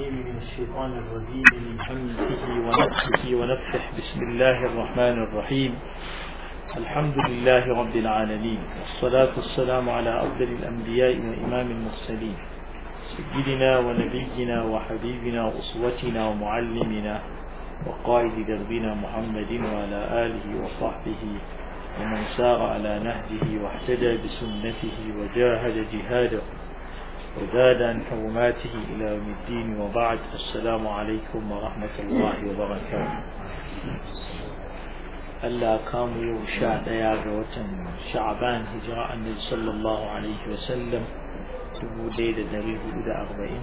الرجيم من الشيطان الرجيم من حمده ونفسه ونفسه بسم الله الرحمن الرحيم الحمد لله رب العالمين والصلاة والسلام على أفضل الأنبياء وإمام المرسلين سيدنا ونبينا وحبيبنا وأسوتنا ومعلمنا وقائد دربنا محمد وعلى آله وصحبه ومن سار على نهجه واهتدى بسنته وجاهد جهاده وزاد عن حرماته إلى يوم الدين وبعد السلام عليكم ورحمة الله وبركاته ألا كام يوم شعب يا شعبان هجراء النبي صلى الله عليه وسلم تبو ليلة دريه إلى أربعين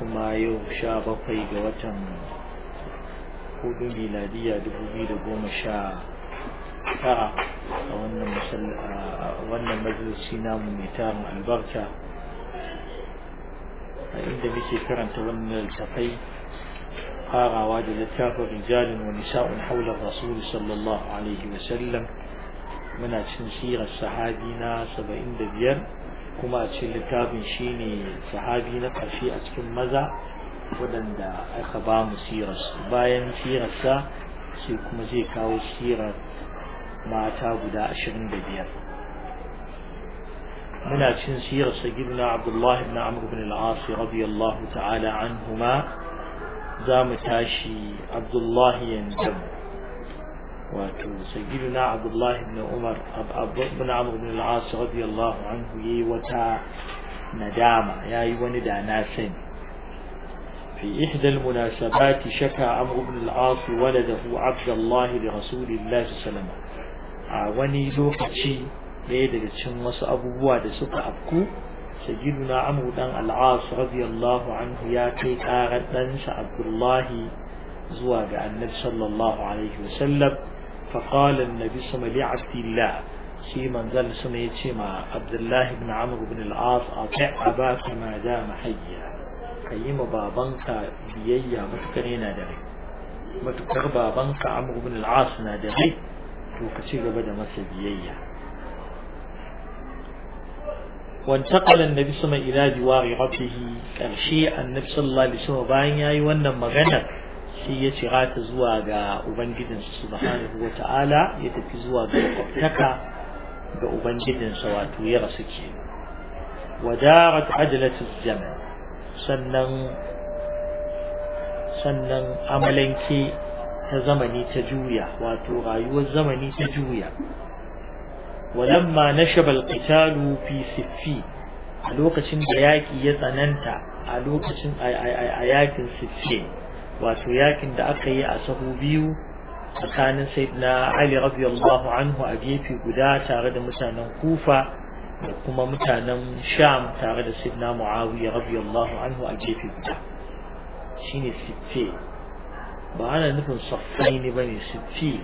كما يوم شعب في جوتن hudu ميلادية دبو biyu قوم goma ترى tara a wannan البركة a inda muke karanta wannan littafai farawa da littafin rijalin wa nisa'un haular rasul sallallahu alaihi wa sallam muna cin sirar sahabi na 75 kuma a cikin littafin shine sahabi na ƙarshe a cikin maza waɗanda aka ba mu bayan sirarsa sai kuma zai kawo sirar mata guda 25 هنا تشين سيدنا عبد الله بن عمرو بن العاص رضي الله تعالى عنهما زام تاشي عبد الله ينجم واتو سيدنا عبد الله بن عمر بن عمرو بن العاص رضي الله عنه يي وتا ندامة يا يوني داناسا في إحدى المناسبات شكى عمرو بن العاص ولده عبد الله لرسول الله صلى الله عليه وسلم آه، وني لوكتشي ɗaya daga cikin wasu abubuwa da suka afku sajidu na amu dan al'as radiyallahu anhu ya kai karar ɗansa abdullahi zuwa ga annabi sallallahu alaihi wa sallam fa qala annabi sama li abdillah shi manzal ma abdullahi ibn amr ibn al'as ati abaka ma da mahayya kayi ma babanka biyayya matukar yana da matukar babanka amr ibn al'as na da rai to ka ci gaba da masa biyayya وانتقل النبي صلى الله عليه وسلم إلى جوار ربه كرشي النبي صلى الله عليه وسلم باين ياي وانا مغنى سي يتغات زواغا أبنجد سبحانه وتعالى يتفي زواغا قبتكا بأبنجد سواتو يرسكي ودارت عجلة الزمن سنن سنن عملنكي ta zamani ta juya wato rayuwar zamani ta juya ولما نشب القتال في سفين a lokacin da yaƙi ya tsananta a lokacin a yaƙin sifin wato yaƙin da aka yi a sahu biyu tsakanin sayyidina Ali radiyallahu anhu a gefe guda tare da mutanen Kufa da kuma mutanen Sham tare da sayyidina Muawiya radiyallahu a gefe guda shine siffe ba ana nufin saffai ne bane siffe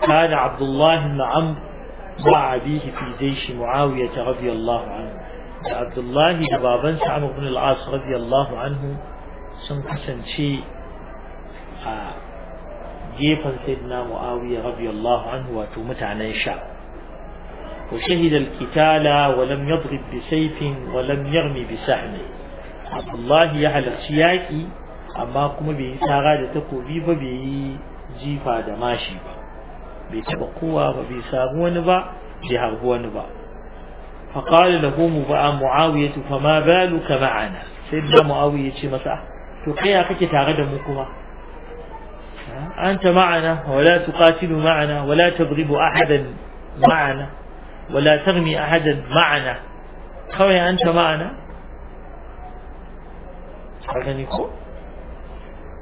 kana وأبيه في جيش معاوية رضي الله عنه عبد الله بابا عمرو بن العاص رضي الله عنه سنقسم شيء gefen sayyidina muawiya radiyallahu anhu wato mutanen sha wa shahida al-qitala wa lam yadrib bi sayfin wa lam yarmi bi ya halarci yaƙi amma kuma bai yi tsara da takobi ba bai yi jifa da mashi bai taba kowa ba bai samu wani ba bai harbi wani ba فقال له معاوية فما بالك معنا سيدنا معاوية مساء تقيا كي تعرض مكما أنت معنا ولا تقاتل معنا ولا تضرب أحدا معنا ولا ترمي أحدا معنا خوي أنت معنا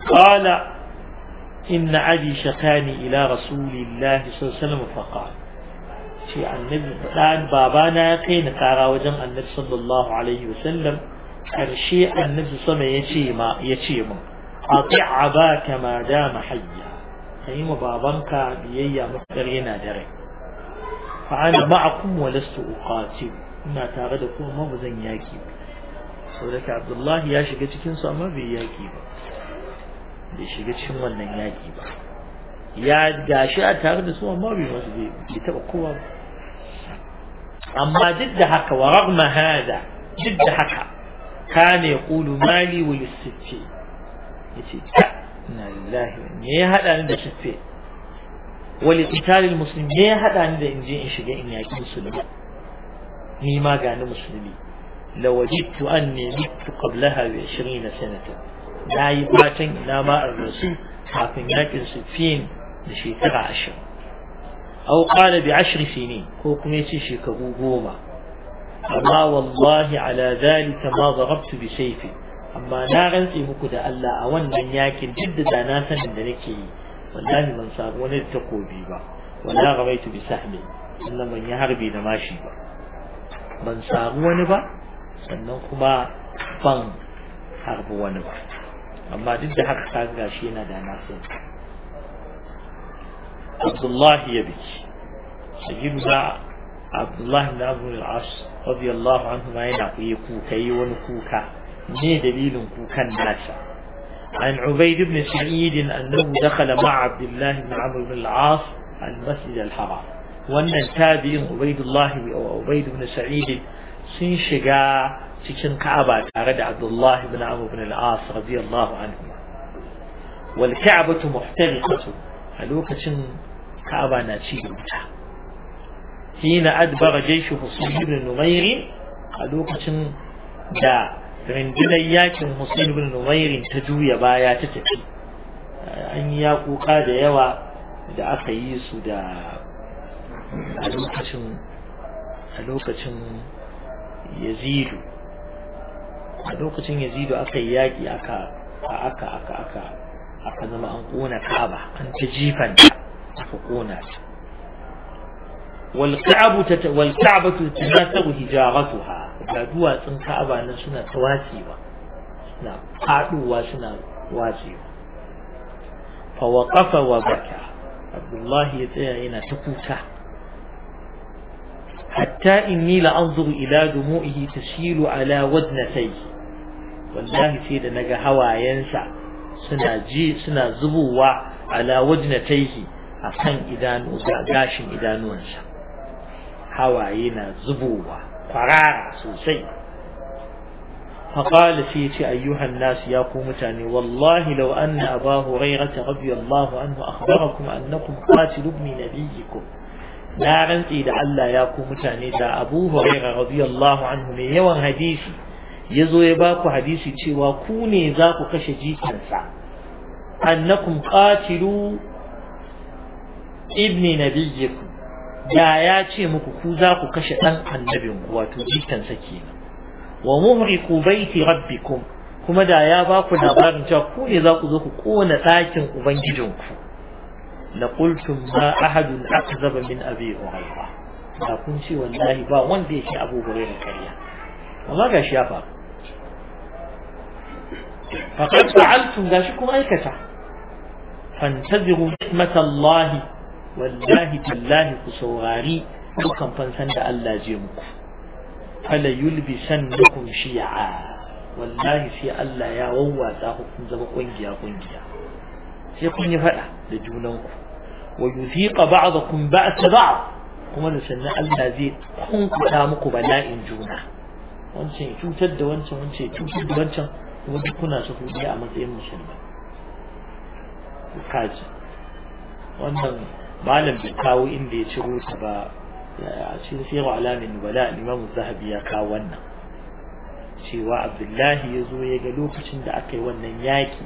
قال إن علي شقاني إلى رسول الله صلى الله عليه وسلم فقال شيء النبي الآن بابانا كين قارا وجن النبي صلى الله عليه وسلم الشيء النبي صلى الله عليه وسلم يتيما أطيع أباك ما دام حيا أي بابانك بيي مقدرين دري فأنا معكم ولست أقاتل ina تاردكم da ياكيب mabuzan عبد الله يا da ka abdullahi ya shiga cikinsu bai shiga cikin wannan yaƙi ba ya gashi a tare da su amma bai wasu bai taɓa kowa ba amma duk da haka wa ragma hada duk da haka kana yaqulu mali wa yusufi ta inna lillahi me ya hada ni da suffe wa li qitalil muslim ya hada ni da in je in shiga in yaƙi musulmi ni ma ga ni musulmi lawajidtu anni mitu qablaha bi 20 sanatan ya yi fatan ina ma a rasu kafin yakin sufin da shekara ashirin au qala bi ashri ne ko kuma yace shekaru goma amma wallahi ala zalika ma darabtu bi sayfi amma na rantse muku da Allah a wannan yakin duk da na sanin da nake yi wallahi ban samu wani takobi ba wala gabaitu bi sahmi sannan ban yi harbi da mashi ba ban samu wani ba sannan kuma ban harbi wani ba أما دد حق خازقا شينا دانا سين عبد الله يبيك سجيب دا عبد الله بن عبد العاص رضي الله عنه ما ينعقي كوكا ونكوكا ني دليل كوكا ناسا عن عبيد بن سعيد أنه دخل مع عبد الله بن عمرو بن العاص المسجد الحرام وأن التابعين عبيد الله وعبيد بن سعيد سن شجاع cikin Ka'aba tare da Abdullahi ibn Amr ibn al radiyallahu anhu wal Ka'batu muhtariqatu a lokacin Ka'aba na ci da wuta hina adbara jayshu Husayn ibn Numayr a lokacin da rundunar yakin Husayn ibn Numayr ta juya baya ta tafi an yi yakuka da yawa da aka yi su da a lokacin a lokacin yazidu a lokacin yazidu aka yi yaƙi aka aka aka aka aka zama an ƙona ka'aba an ta jifan aka ƙona ta والكعبة ta تناثر هجارتها ga duwatsun ka'aba nan suna ta watsewa suna faduwa suna watsewa fa waqafa wa baka abdullahi ya tsaya yana ta kuka hatta inni la anzuru ila dumu'ihi tasilu ala wadnatayhi wallahi sai da naga hawayensa suna ji suna zubowa ala wajnataihi akan idanu gashin idanuwansa hawaye na zubowa kwarara sosai فقال سيتي أيها الناس يا قوم تاني والله لو أن أبا هريرة رضي الله عنه أخبركم أنكم قاتل ابن نبيكم لا رنتي لعل يا قوم تاني دا أبو هريرة رضي الله عنه من يوم حديثي ya zo ya ba ku hadisi cewa ku ne za ku kashe jikinsa annakum qatilu ibni nabiyyikum da ya ce muku ku za ku kashe dan annabin ku wato jikinsa kenan wa muhriku baiti rabbikum kuma da ya ba ku labarin cewa ku ne za ku zo ku kona ɗakin ubangijinku na qultum ma ahadun akzaba min abi hurayra da kun ce wallahi ba wanda yake abu hurayra karya amma shi ya faru faqad fa'altum gashi kuma aikata fantaziru hikmatallahi wallahi tallahi ku saurari dukan fansan da Allah je muku fala yulbisannakum shi'a wallahi sai Allah ya wawwatsa ku kun zama ƙungiya ƙungiya. sai kun yi faɗa da junanku wa yuthiqa ba'dakum ba'sa ba'd kuma da sannan Allah zai kunkuta muku bala'in juna wancan cutar da wancan wancan cutar da wancan kuma duk kuna a matsayin musulmai kaji wannan malam bai kawo inda ya ciro ta ba eh, a cikin sayar alamin wala imam zahabi ya kawo wannan cewa abdullahi ya zo ya ga lokacin da aka yi wannan yaki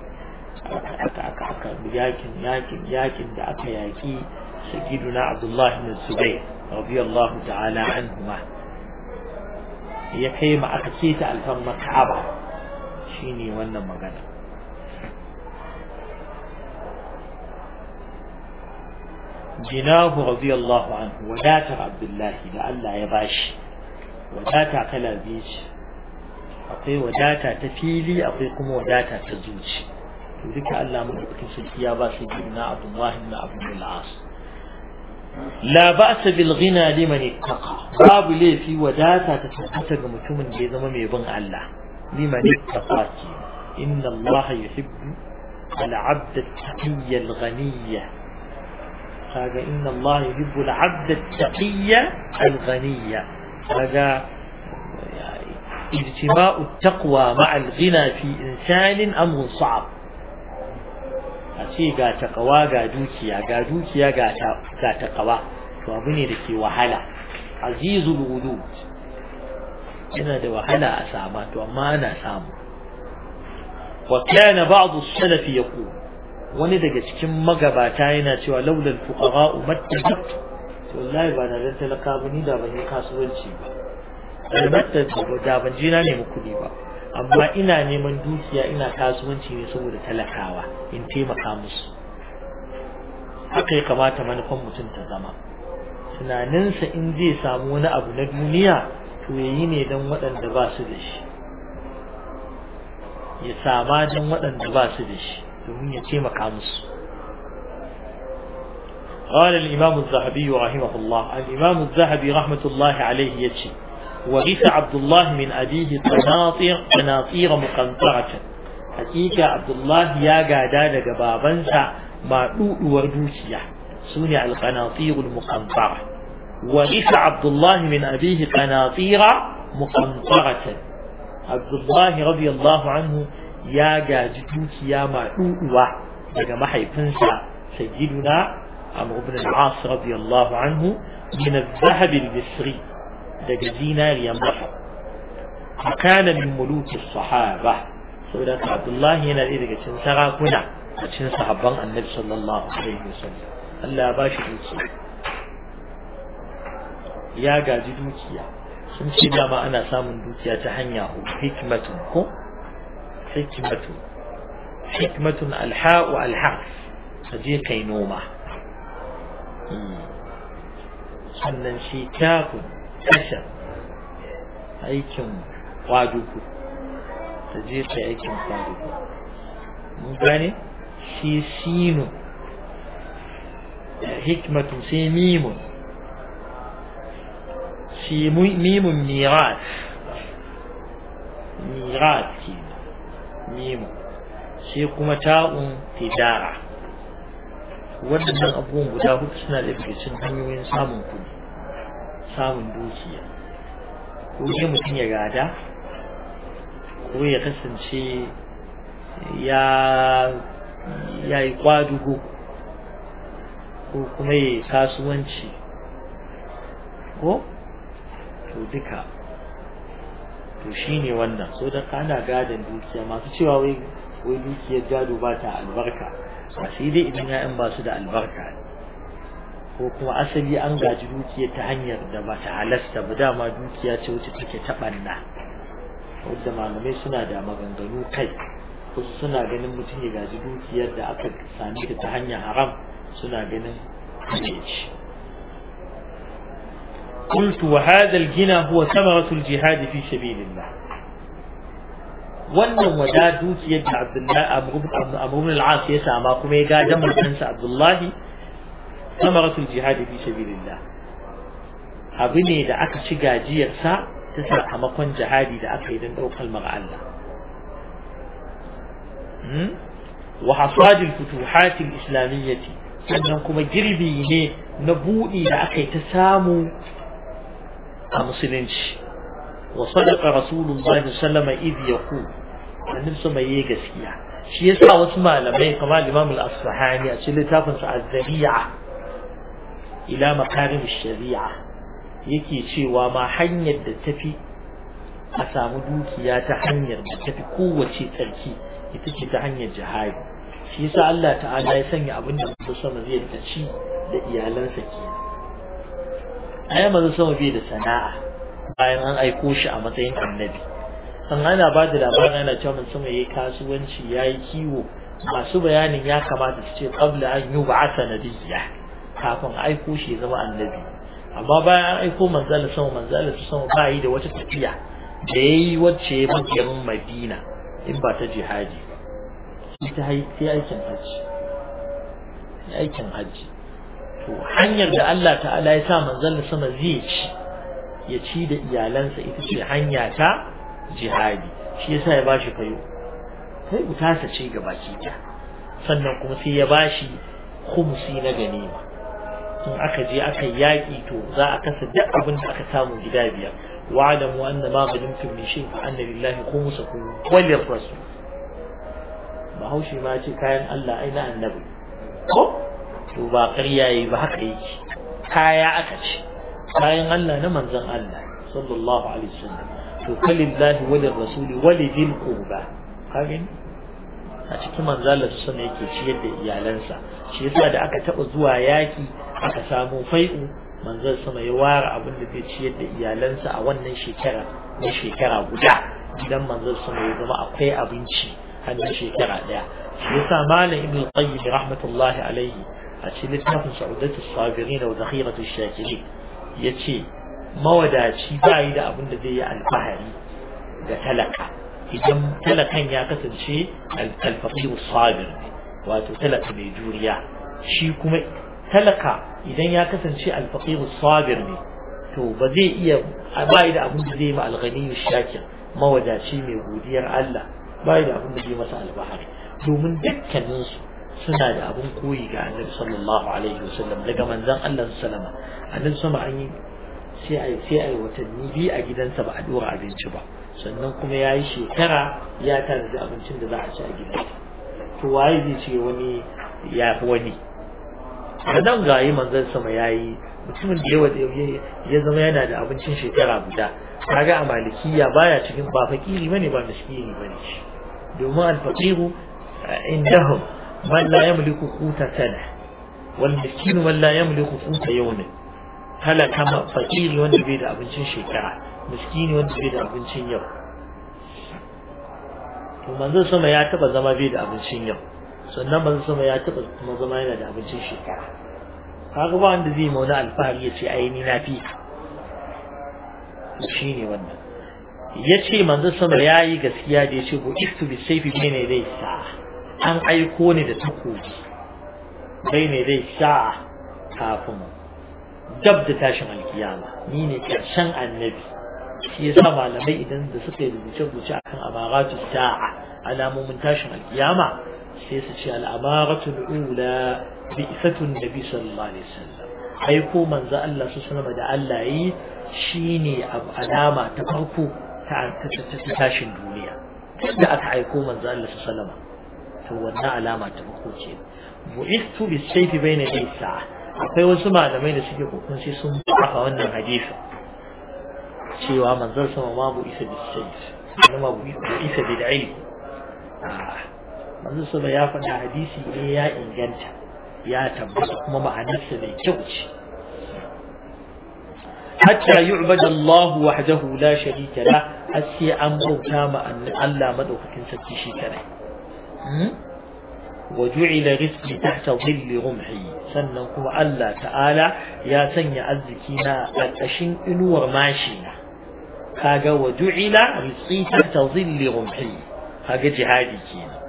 aka yakin yakin yakin da aka yaki na abdullahi na zubai rabiyallahu ta'ala anhu ya kai ma aka ce ta alfan makaba Shi ne wannan magana jinahu radiyallahu anhu wadatar abdullahi da Allah ya bashi wadata kala biyu ce akwai wadata ta fili akwai kuma wadata ta zuci to duka Allah mu da sarki ya ba su jina abdullahi ibn abdul as la ba'sa bil ghina liman ittaqa babu laifi wadata ta tabbata ga mutumin da ya zama mai bin Allah لمن اتقاك إن الله يحب العبد التقي الغني هذا إن الله يحب العبد التقي الغني هذا اجتماع التقوى مع الغنى في إنسان أمر صعب أشيء قاتا قوا قا دوكيا قاتا دوكيا قا فأبني لكي وحلا عزيز الولود yana da wahala a sama to amma ana samu wa kana ba'd as-salaf yaqul wani daga cikin magabata yana cewa laula al-fuqara umattabat to wallahi ba na zanta talaka da ban kasuwanci ba albatta da ban je na nemi kuɗi ba amma ina neman dukiya ina kasuwanci ne saboda talakawa in taimaka musu haka ya kamata manufan mutum ta zama tunaninsa in zai samu wani abu na duniya to yayi ne dan wadanda ba su da shi ya sama dan wadanda ba su da shi domin ya ce maka musu قال الإمام الذهبي رحمه الله الإمام الذهبي رحمة الله عليه يجي ورث عبد الله من أبيه قناطير قناطير مقنطرة حقيقة عبد الله يا قادة لقبابنسا ما أؤور دوسية سنع القناطير المقنطرة ورث عبد الله من أبيه قناطير مقنطرة عبد الله رضي الله عنه يا جاجدوك يا معوء لما حيبنسى سيدنا عمرو بن العاص رضي الله عنه من الذهب المصري دجزينا ليمرح وكان من ملوك الصحابة سيدة عبد الله هنا إذا كنت سراكنا كنت صحبا النبي صلى الله عليه وسلم الله باشر يتصفيق ya gaji dukiya sun ce dama ana samun dukiya ta hanya hikmatun ko hikmatun hikmatun alha'u alhaf ta je kai noma hmm. sannan shi kyakun tashar aikin kwaduku ta je kai aikin kwaduku mun gane shi sinu hikmatun sai mimun shi mimun mirat mirat ke sai kuma ta'un tijara waɗannan abubuwan guda hudu suna da cikin hanyoyin samun kuɗi samun dukiya ko dai mutum ya gada ko ya kasance ya ya yi kwadugo ko kuma ya yi kasuwanci ko to duka to shine wannan so da kana gadon dukiya masu cewa wai wai dukiyar gado ba ta albarka ba sai dai idan ya'yan ba su da albarka ko kuma asali an gaji dukiyar ta hanyar da ba ta halasta ba dama dukiya ce wacce take ta wadda malamai suna da maganganu kai wasu suna ganin mutum ya gaji dukiyar da aka sami ta hanyar haram suna ganin ne قلت وهذا الغنى هو ثمرة الجهاد في سبيل الله wannan wada dukiyar da Abdullahi Abu al-As ya sama kuma ya gadan mutansa Abdullahi samaratul jihad fi sabilillah abu ne da aka ci gajiyar sa ta sakamakon jihadi da aka yi don daukar mara Allah wa hasadil futuhat al islamiyyati sannan kuma girbi ne na buɗi da aka yi ta samu a musulunci wa sadaqa rasulullahi sallallahu idh yaqul annabi sama yayi gaskiya shi yasa wasu malamai kamar Imam al-Asfahani a cikin littafin sa az-Zabi'a ila makarim shari'a yake cewa ma hanyar da tafi a samu dukiya ta hanyar da tafi kowace tsarki ita ce ta hanyar jihadi shi yasa Allah ta'ala ya sanya abin da mutum sama zai ci da iyalansa kenan A yi manzo sama bai da sana'a bayan an aiko shi a matsayin annabi san ana ba da labarin yana cewa manzo sama yayi kasuwanci yayi kiwo masu bayanin ya kamata su ce qabla an yub'atha nabiyya kafin a aiko shi ya zama annabi amma bayan an aiko manzala sama su sama ba yi da wata tafiya da yayi wacce magirin Madina in ba ta jihadi ba ta yi aikin hajji aikin hajji to hanyar da Allah ta'ala ya sa manzon sama zai ci ya ci da iyalansa ita ce hanya ta jihadi shi yasa ya bashi fayo sai utasa ce ga baki ta sannan kuma sai ya bashi kumsi na ganima in aka je aka yaƙi to za a kasa duk abin da aka samu gida biyar wa'lamu anna ma ghanimtum min shay'in fa anna lillahi khumsahu wa lirrasul bahaushe ma ce kayan Allah ai na annabi ko to ba ƙarya yi ba haka yake kaya aka ce kayan Allah na manzon Allah sallallahu alaihi wasallam to kalillahi walil rasuli walidil qurba kage a cikin manzon Allah sallallahu yake ciyar da iyalansa shi yasa da aka taɓa zuwa yaki aka samu fai'u manzon sama ya ware abin da zai ciyar da iyalansa a wannan shekara na shekara guda gidan manzon sama ya zama akwai abinci a na shekara ɗaya shi yasa malam ibn qayyim rahmatullahi alaihi a cikin littafin sa'udatu sabirin wa zakhiratu shakirin yace mawadaci bai da abin da zai yi alfahari ga talaka idan talakan ya kasance alfaqir sabir wato talaka mai juriya shi kuma talaka idan ya kasance alfaqir sabir ne to ba zai iya bai da abin da zai ma alghani shakir mawadaci mai godiyar Allah bai da abin da zai masa alfahari domin dukkaninsu suna da abin koyi ga annabi sallallahu alaihi wasallam daga manzon Allah sallama annabi sama an yi sai a sai a watanni biyu a gidansa ba a dora abinci ba sannan kuma ya yi shekara ya tanadi abincin da za a ci a gidansa to waye zai ce wani ya fi wani sannan ga yi manzon sama ya yi mutumin da yawa ya zama yana da abincin shekara guda kaga a malikiya baya cikin ba fakiri bane ba miskini bane domin alfaqiru eh, indahum من لا يملك قوت سنة والمسكين من لا يملك قوت يوم هل كما فقير fakiri wanda bai da abincin shekara miskini wanda bai da abincin yau to manzon sama ya taba zama bai da abincin yau sannan manzon sama ya taba kuma zama yana da abincin shekara kaga ba wanda zai mauna alfahari ya ce ai na fi shine wannan yace manzon sama yayi gaskiya da ya ce, istu bi sayfi bayna zai sa'a an aiko ni da takobi bai ne zai sha kafin dab da tashin alkiyama ni ne karshen annabi shi yasa malamai idan da suka yi rubuce-rubuce akan amaratu sa'a alamomin tashin alkiyama sai su ce al'amaratu ula bi'satun nabi sallallahu alaihi wasallam aiko manzo Allah su sanama da Allah yi shine alama ta farko ta tashin duniya da aka aiko manzo Allah su sanama وانا علامة تبقوتي بعثت بالسيف بين ذي الساعة أقوى وسمع لمين سيكي قوكم سي سنبقى وانا حديثة سيوا من ذلك ما بعث بالسيف إنما بعث بالعلم من ذلك ما يفعل حديثي إيا إنجانتا يا تبقى ما معنفس بيكوتي حتى يعبد الله وحده لا شريك له أسي أمره كما أن الله مدوك كنسك شيء كريم Hmm? وجعل رزقي تحت ظل رمحي sannan kuma Allah ta'ala ya sanya arziki na ƙarƙashin inuwar mashina. kaga wa du'ila rizqi tahta dhilli rumhi kaga jihadi kenan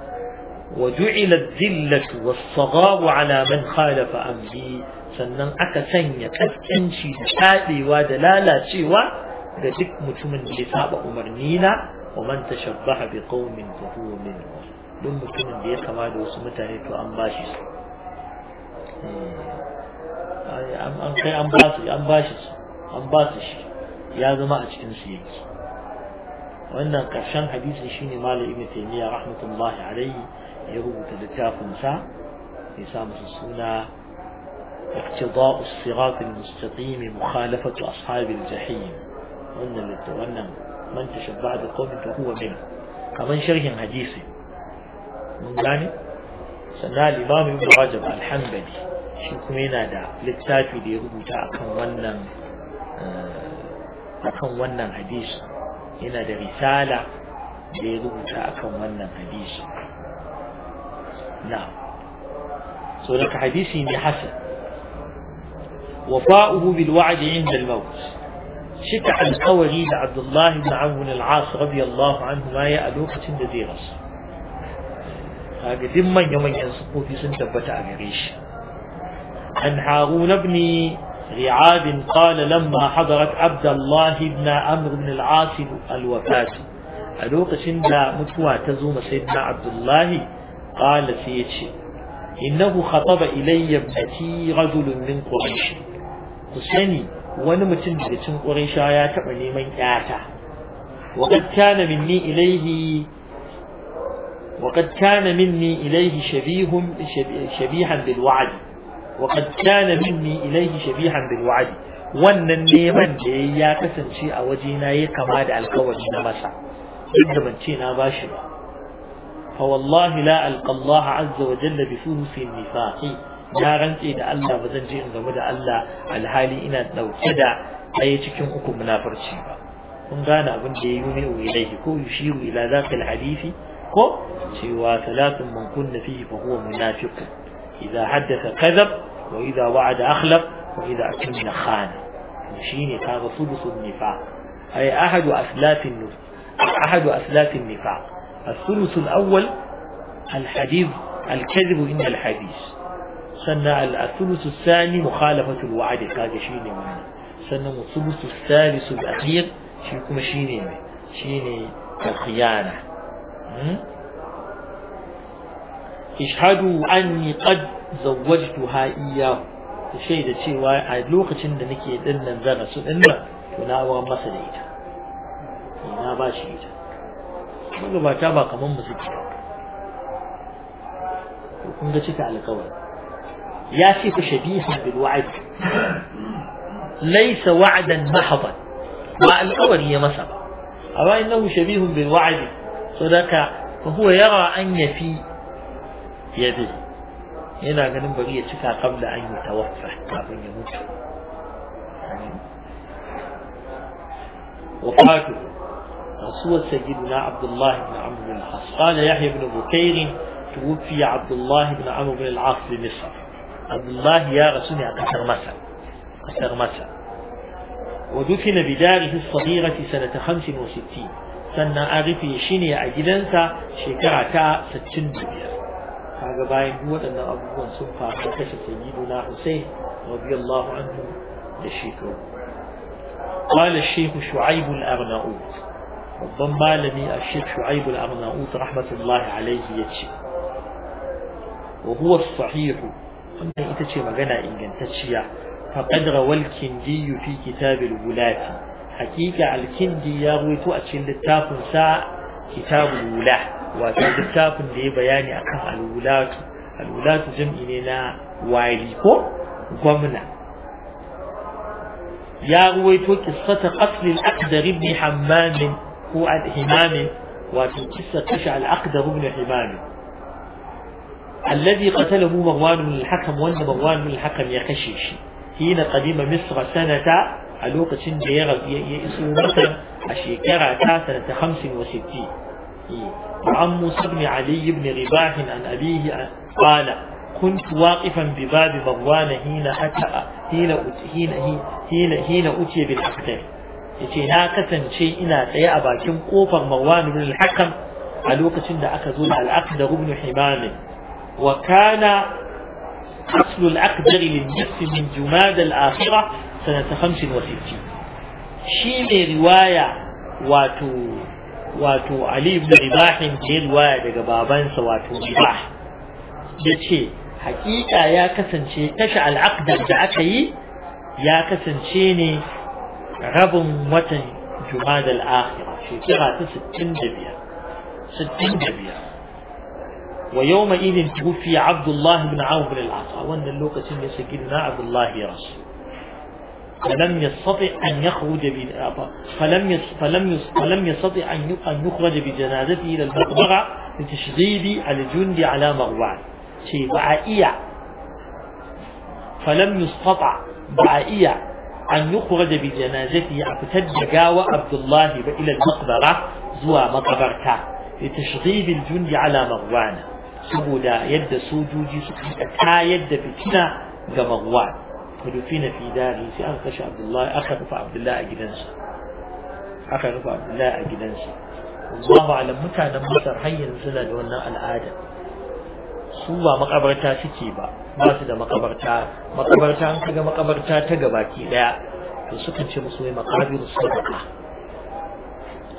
wa du'ila dhillatu was-sagharu ala man khalafa amri sannan aka sanya kaskanci da tabewa da lalacewa ga duk mutumin da ya saba umarni na wa man tashabbaha bi qaumin fa huwa minhum duk mutumin da ya kama da wasu mutane to an ba shi su an kai an ba su an ba shi su an ba su shi ya zama a cikin su yake wannan karshen hadisin shine malam ibnu taymiya rahmatullahi alaihi ya rubuta littafin sa ya sa musu suna اقتضاء الصراط المستقيم مخالفة أصحاب الجحيم وأن من تشبع بقوم فهو منه كمن شرح حديثه يعني سنا الإمام ابن رجب الحنبلي شكو مينا دا لتاتي دي ربوتا أكن ونن أكن ونن حديث هنا دا رسالة دي ربوتا أكن ونن حديث نعم سولك حديثي من حسن وفاؤه بالوعد عند الموت شكا عن قوري عبد الله بن عون العاص رضي الله عنه ما يألوك تند رسل kaga duk manya-manyan sufofi sun tabbata a gare shi an haruna bni ri'ab qala lamma hadarat Abdullahi ibn amr ibn al-as al-wafat a lokacin da mutuwa ta zo ma sayyidina Abdullahi qala sai yace innahu khataba ilayya ibnati rajulun min quraish ku wani mutum daga cikin quraisha ya taba neman yata wa kana minni ilayhi وقد كان مني إليه شبيه شبيها بالوعد وقد كان مني إليه شبيها بالوعد wannan neman da ya kasance a wajena ya kama da alkawari na masa duk da bance na bashi ba fa wallahi la alqa Allah azza wa jalla bi fuhusi nifaqi na rantse da Allah ba zan je in gamu da Allah alhali ina dauke da ɗaya cikin uku munafurci ba kun gane abin da ya yi ne wa ilaihi ko yushiru ila zaqil hadisi ko cewa salatun man kunna fihi fa huwa munafiq idza haddatha kadhab wa idza wa'ada akhlaf wa idza atumina khana shine ka ga sudusun nifaq ay ahadu aslatin nus ahadu aslatin nifaq الثلث الأول الحديث الكذب إن الحديث سنة الثلث الثاني مخالفة الوعد كاجا شيني وانا سنة الثلث الثالث الأخير شيكم شيني شيني الخيانة ishhadu anni qad zawwajtuha iyyahu ta shaida cewa a lokacin da nake din nan zan rasu din nan to na auren masa da ita na ba shi ita magabata ba kaman mu suke kun ga cika alƙawari ya ce ku shabiha bil wa'd laysa wa'dan mahdan ba alƙawari ya masa ba amma innahu shabihun bil wa'd صدقة فهو يرى أن يفي يده هنا yana بقية bari قبل أن يتوفى قبل yi tawaffa رسول سيدنا عبد الله بن عمرو بن العاص قال يحيى بن بكير توفي عبد الله بن عمرو بن العاص بمصر عبد الله يا رسول قتر مصر قتر مصر ودفن بداره الصغيرة سنة 65 sannan an rufe shi a gidansa shekara ta 65 kaga bayan duk waɗannan abubuwan sun faru kashe sayyiduna Hussein radiyallahu anhu da shekaru قال الشيخ شعيب الأرناؤوط babban malami a shek shu'aibul arnaut rahmatullahi alaihi ya ce wa huwa sahihu wannan ita ce magana ingantacciya faqad walkin kindi fi kitabil bulati حقيقة على يا دياغوي تو اللي لتافن ساعة كتاب الولاة وأتشين لتافن لي بياني على الولاة الولاة جمع إلينا وايليكو غمنا ياغوي تو قصة قتل الأقدر ابن حمام هو الهمام وأتشين قصة قشع الأقدر ابن حمام الذي قتله مروان من الحكم وأن مروان من الحكم يقشيش حين قديم مصر سنة a lokacin da ya ya iso masar a shekara ta sanata hamsin wa sitti وعن موسى بن علي بن رباح عن أبيه قال كنت واقفا بباب مروان حين أتى حين حين حين حين أتي بالأكثر yace na kasance ina tsaye a bakin kofar Marwan ibn al-Hakam a lokacin da aka zo da al-Aqdar ibn Himam wa kana aslu al-Aqdar lil-jism min jumad al-akhirah sanata hamsin wa sittin shi ne riwaya wato wato da ibn Ribahin ya riwaya daga babansa wato Ya ce hakika ya kasance tasha al'aqdar da aka yi ya kasance ne rabin watan Jumada al-Akhirah shekara ta 65 65 ويومئذ توفي عبد الله بن عوف بن العاص وان اللوقة سيدنا عبد الله رسول فلم يستطع أن يخرج فلم فلم فلم يستطع أن أن يخرج بجنازته إلى المقبرة لتشغيل الجند على مروان شيء بعائية فلم يستطع بعائية أن يخرج بجنازته أفتد جاوى عبد الله إلى المقبرة زوى مقبرته لتشغيل الجند على مروان سبودا يد سوجوجي سكتا يد فتنة كمغوان فدفن في داره سي أن قش عبد الله أخذ فعبد الله أجدنسا أخذ فعبد الله أجدنسا والله أعلم متى مصر حي سنة دونا العادة سوى مقبرتا سكيبا ما سيدا مقبرتا مقبرتا أنك مقبرتا تقباكي لا يسكن شي مسوي مقابر الصدقة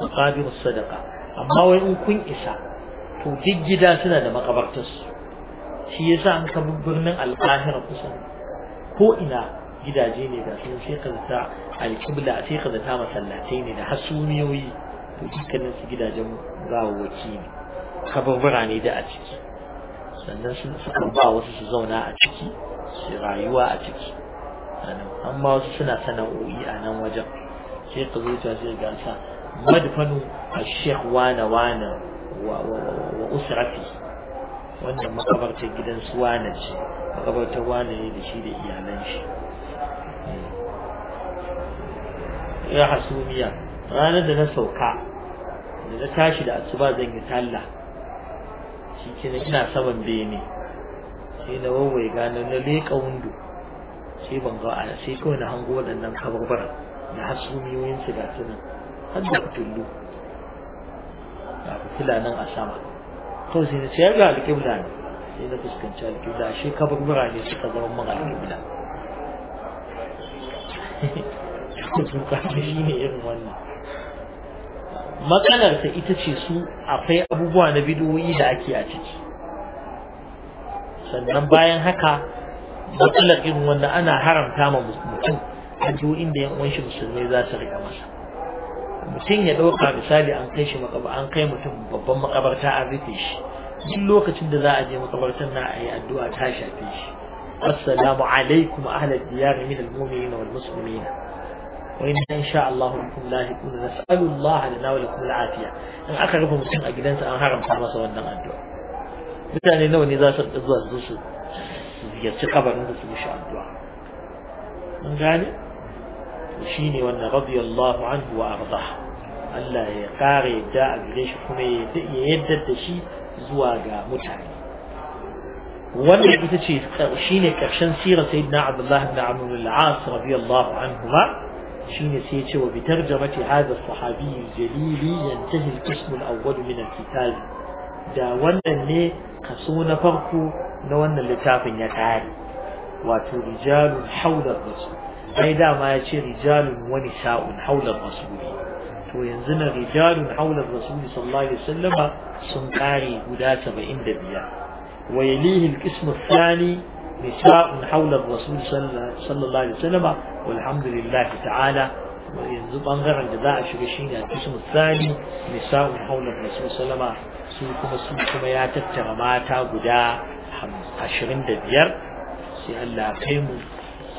مقابر الصدقة أما وين كن إسا to duk gida suna da makabartarsu shi yasa an ka birnin alƙahira kusa ko ina gidaje ne da sun sai ka zata alƙibla sai ka zata masallatai ne da hasumiyoyi to dukkanin su gidajen gawawwaki ne kabar birane da a ciki sannan sun suka ba wasu su zauna a ciki su rayuwa a ciki amma wasu suna sana'o'i a nan wajen sai ka zo ta sai ga sa madfanu a sheikh wana wana wa usrafi wannan makabartar gidan su wana ce makabartar walaye da shi da iyalan shi ya hasumiya ranar da na sauka da na tashi da asuba zan yi talla shi ke ina saman bene sai na wawai gano na leƙa windo sai ban ga a sai kawai na hango waɗannan kabarbar da hasumiyoyin su ga tunan har da fitullu fitila nan a sama kawai sai na ce ya ga alƙibla ne sai na fuskanci alƙibla shi kabar birane suka zama mana alƙibla ta shi ne irin wannan matsalarsa ita ce su akwai abubuwa na bidoyi da ake a ciki sannan bayan haka matsalar irin wanda ana haramta ma mutum a addu'o'in da yan uwan shi musulmai za su riƙa masa mutum ya ɗauka misali an kai shi an kai mutum babban makabarta a rufe shi duk lokacin da za a je makabartar na a yi addu'a ta shafe shi assalamu alaikum ahlal diyar min almu'minin wal muslimin wa inna insha Allah bikum lahiqun nas'alu Allah lana wa lakum al'afiya in aka rufe mutum a gidansa an haramta masa wannan addu'a mutane nawa ne za su zuwa su su ziyarci kabarin da su shi addu'a mun gane shine wannan radiyallahu anhu wa arda Allah ya kare da a gare shi kuma ya yaddar da shi zuwa ga mutane wannan ita ce shine karshen sirar sayyidina Abdullah ibn Amr al-As radiyallahu anhuma shine sai ya ce wa bi tarjamati hadha sahabi jalili yantahi al-qism al-awwal min al-kitab da wannan ne kaso na farko na wannan littafin ya kare wato rijalun hawla rasul ai dama ya ce rijalun wani sa'un hawla rasul وينزل رجال حول الرسول صلى الله عليه وسلم سنكاري قداة بإند دبيا ويليه القسم الثاني نساء حول الرسول صلى الله عليه وسلم والحمد لله تعالى وينزل أنظر عن جداء شبشين القسم الثاني نساء حول الرسول صلى الله عليه وسلم سوكما سوكما يا تترماتا قداء عشرين دبير سيألا كيمو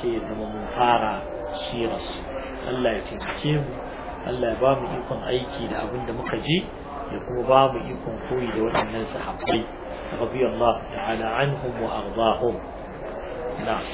سيدنا من فارا سيرس الله يتمكيمو Allah ya ba mu ikon aiki da abin da muka ji ya kuma ba mu ikon koyi da waɗannan sahabbai radiyallahu ta'ala anhum wa ardahum na'am